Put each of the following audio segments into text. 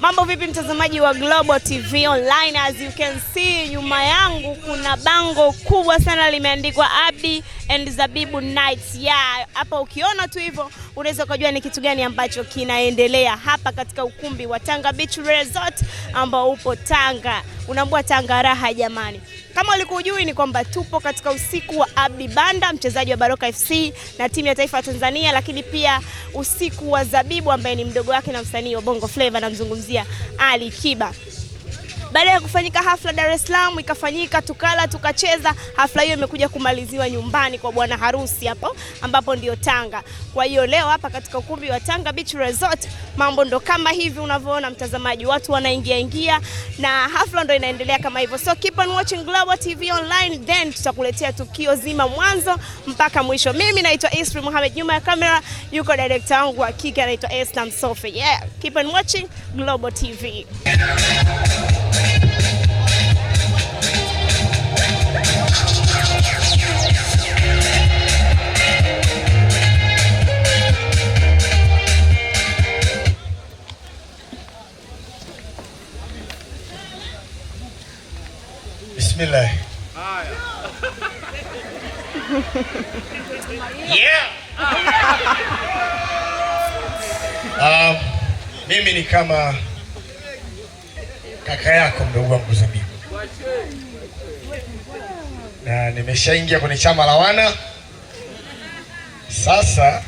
Mambo vipi mtazamaji wa Global TV Online, as you can see nyuma yangu kuna bango kubwa sana limeandikwa Abdi and Zabibu Nights. Yeah, hapa ukiona tu hivyo unaweza ukajua ni kitu gani ambacho kinaendelea hapa katika ukumbi wa Tanga Beach Resort ambao upo Tanga. Unaambua Tanga raha jamani. Kama ulikujui ni kwamba tupo katika usiku wa Abdi Banda, mchezaji wa Baroka FC na timu ya taifa ya Tanzania, lakini pia usiku wa Zabibu ambaye ni mdogo wake na msanii wa Bongo Flava, namzungumzia Ali Kiba. Baada ya kufanyika hafla Dar es Salaam, ikafanyika tukala, tukacheza. Hafla hiyo imekuja kumaliziwa nyumbani kwa bwana harusi hapo ambapo ndio Tanga. Kwa hiyo leo hapa katika ukumbi wa Tanga Beach Resort mambo ndo kama hivi unavyoona mtazamaji, watu wanaingia ingia na hafla ndo inaendelea kama hivyo, so keep on watching Global TV Online, then tutakuletea tukio zima mwanzo mpaka mwisho. Mimi naitwa Isri Mohamed, nyuma ya kamera yuko director wangu wa kike anaitwa Esther Msofe. Yeah, keep on watching Global TV. Yeah. Bismillah. Yeah. Um, mimi ni kama kaka yako mdogo wangu mzabibu, na nimeshaingia kwenye chama la wana sasa.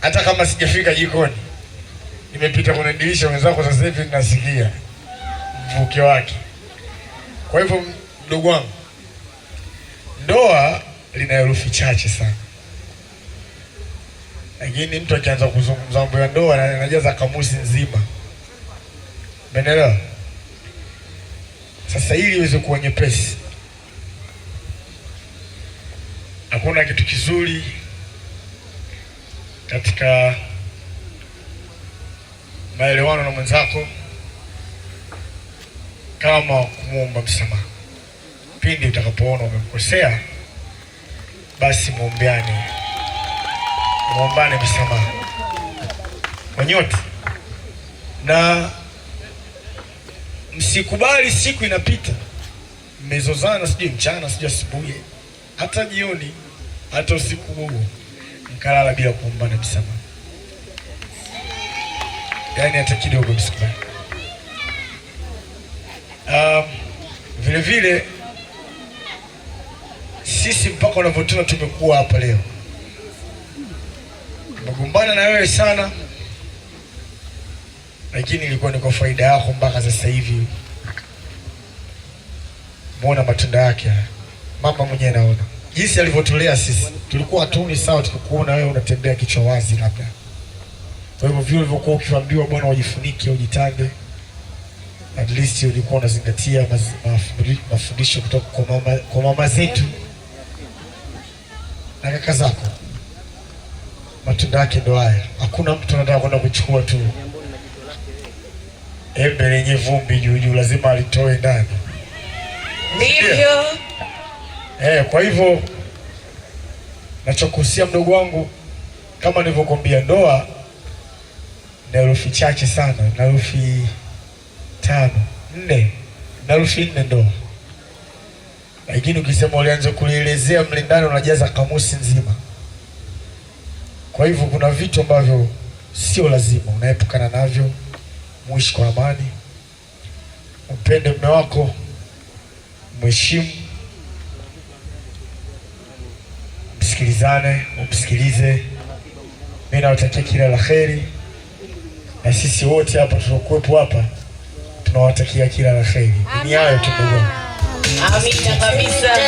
Hata kama sijafika jikoni, nimepita kwenye dirisha wenzako, sasa hivi ninasikia mvuke wake. Kwa hivyo, mdogo wangu, ndoa lina herufi chache sana lakini mtu akianza kuzungumza mambo ya ndoa anajaza kamusi nzima. Umeelewa? Sasa ili iweze kuwa nyepesi, hakuna kitu kizuri katika maelewano na mwenzako kama kumwomba msamaha. Pindi utakapoona umemkosea, basi muombeane, muombane msamaha kwa na Msikubali siku inapita mmezozana, sijui mchana, sijui asubuhi, hata jioni, hata usiku huo, mkalala bila kuombana msamaha. Yani hata kidogo msikubali. Um, vile vile sisi mpaka unavyotuna tumekuwa hapa leo, tumegombana na wewe sana lakini ilikuwa ni kwa faida yako. Mpaka sasa hivi muona matunda yake, mama mwenyewe anaona jinsi alivyotulea sisi. Tulikuwa hatuni sawa, tukikuona wewe unatembea kichwa wazi, labda kwa hivyo vile ulivyokuwa ukiambiwa bwana, ujifunike ujitande, at least ulikuwa unazingatia mafundisho kutoka kwa mama, kwa mama zetu na kaka zako. Matunda yake ndo haya, hakuna mtu anataka kwenda kuchukua tu embe lenye vumbi juu juu lazima alitoe ndani, ndivyo eh. eh kwa hivyo nachokusia mdogo wangu, kama nilivyokuambia, ndoa na herufi chache sana, na herufi tano nne, na herufi nne ndoa. Lakini ukisema ulianza kulielezea mlindani, unajaza kamusi nzima. Kwa hivyo kuna vitu ambavyo sio lazima, unaepukana navyo muishi kwa amani, mpende mme wako, mheshimu, msikilizane, umsikilize. mi nawatakia kila la heri, na sisi wote hapa tuliokuwepo hapa tunawatakia kila la heri. Ni hayo tu Amina kabisa.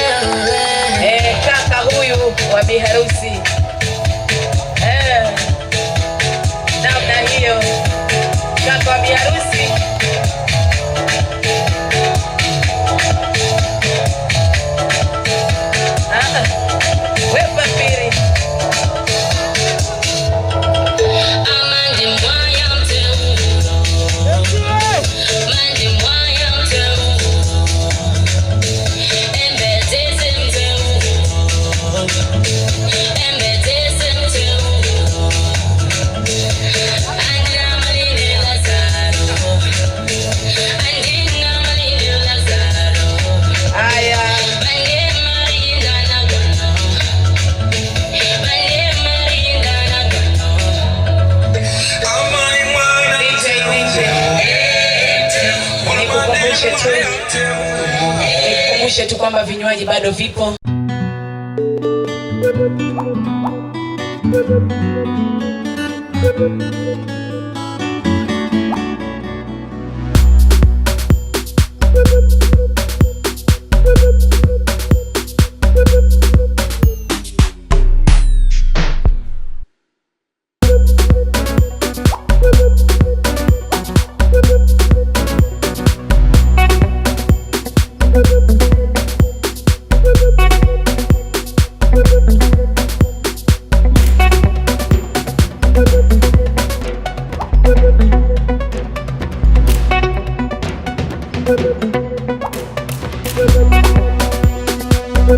Eh, kaka huyu wa biharusi the kuwakumbusha tu kwamba vinywaji bado vipo.